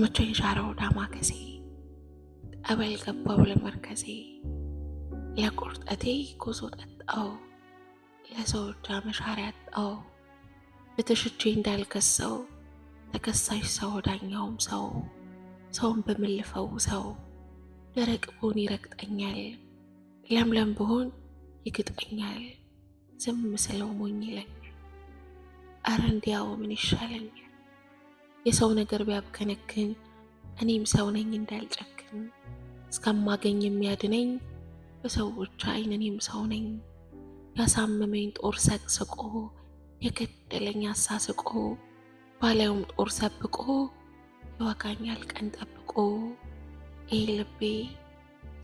ምቾ ሻረው ዳማ ከሴ ጠበል ገባው ለመርከሴ ለቁርጠቴ ኮሶ ጠጣው ለሰዎች መሻሪያ ያጣው ብትሽቼ እንዳልከሰው ተከሳሽ ሰው ዳኛውም ሰው ሰውን በምልፈው ሰው ደረቅ ብሆን ይረግጠኛል ለምለም ብሆን ይግጠኛል ዝም ስለው ሞኝ ይለኛል። አረ እንዲያው ምን ይሻለኛል? የሰው ነገር ቢያብከነክን እኔም ሰው ነኝ እንዳልጨክን እስከማገኝ የሚያድነኝ በሰዎች አይን እኔም ሰው ነኝ። ያሳመመኝ ጦር ሰቅስቆ የገደለኝ አሳስቆ ባላዩም ጦር ሰብቆ ይዋጋኛል ቀን ጠብቆ። ይህ ልቤ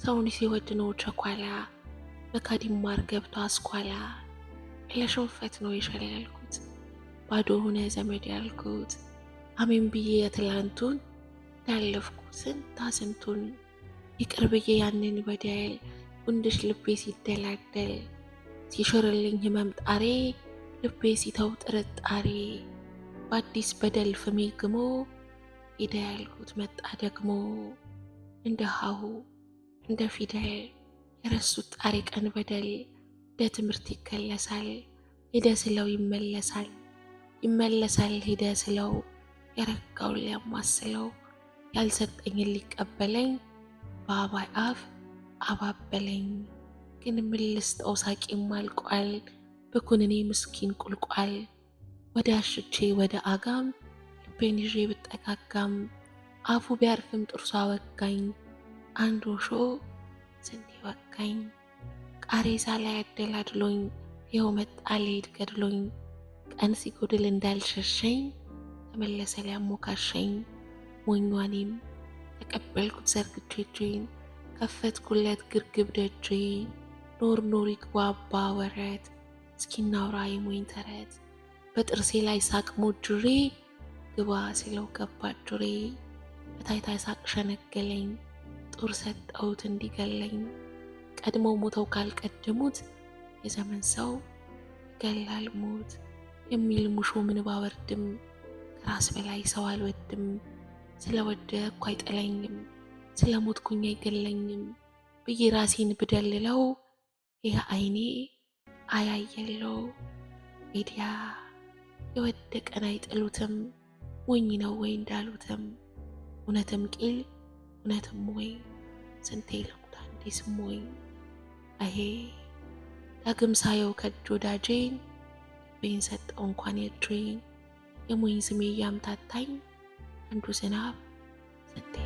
ሰውን ሲወድ ነው ቸኳላ በካዲማር ገብቶ አስኳላ። ለሽንፈት ነው የሸለልኩት ባዶ ሆነ ዘመድ ያልኩት አሜን ብዬ የትላንቱን ያለፍኩ ስንት አስንቱን ይቅር ብዬ ያንን በደል ቁንድሽ ልቤ ሲደላደል ሲሾርልኝ ህመም ጣሬ ልቤ ሲተው ጥርጣሬ በአዲስ በደል ፍሜ ግሞ ሄደ ያልኩት መጣ ደግሞ እንደ ሀሁ እንደ ፊደል የረሱት ጣሬ ቀን በደል እንደ ትምህርት ይከለሳል ሄደ ስለው ይመለሳል ይመለሳል ሄደ ስለው የረጋው ሊያማስለው ያልሰጠኝ ሊቀበለኝ በአባይ አፍ አባበለኝ። ግን ምን ሳቂም አልቋል ብኩንኔ ምስኪን ቁልቋል። ወደ አሽቼ ወደ አጋም ልቤን ይዤ ብጠጋጋም አፉ ቢያርፍም ጥርሷ ወጋኝ። አንድ ወሾ ስንዴ ወጋኝ። ቃሬዛ ላይ አደላድሎኝ ይኸው መጣ ልሄድ ገድሎኝ ቀን ሲጎድል እንዳልሸሸኝ ተመለሰ ሊያሞካሸኝ። ሞኟኔም ተቀበልኩት፣ ዘርግቼ እጄን ከፈትኩለት ግርግብ ደጄ። ኖር ኖር ይግባባ ወረት እስኪናውራ የሞኝ ተረት። በጥርሴ ላይ ሳቅ ሞጅሬ ግባ ሲለው ገባ ጅሬ። በታይታ ሳቅ ሸነገለኝ ጦር ሰጠውት እንዲገለኝ። ቀድመው ሞተው ካልቀደሙት የዘመን ሰው ይገላል ሞት የሚል ሙሾ ምንባወርድም ራስ በላይ ሰው አልወድም። ስለወደኩ ወደኩ አይጠለኝም፣ ስለ አይገለኝም ብዬ ራሴን ብደልለው ይህ አይኔ አያየለው። ሜዲያ የወደቀን አይጥሉትም፣ ሞኝ ነው ወይ እንዳሉትም እውነትም ቂል እውነትም ወይ ስንቴ ልሙት አንዴ ስሞኝ አሄ ዳግም ሳየው ከእጅ ወዳጄን ቤን ሰጠው እንኳን የእጁን የሞኝ ስሜ እያምታታኝ አንዱ ዝናብ ስንቴ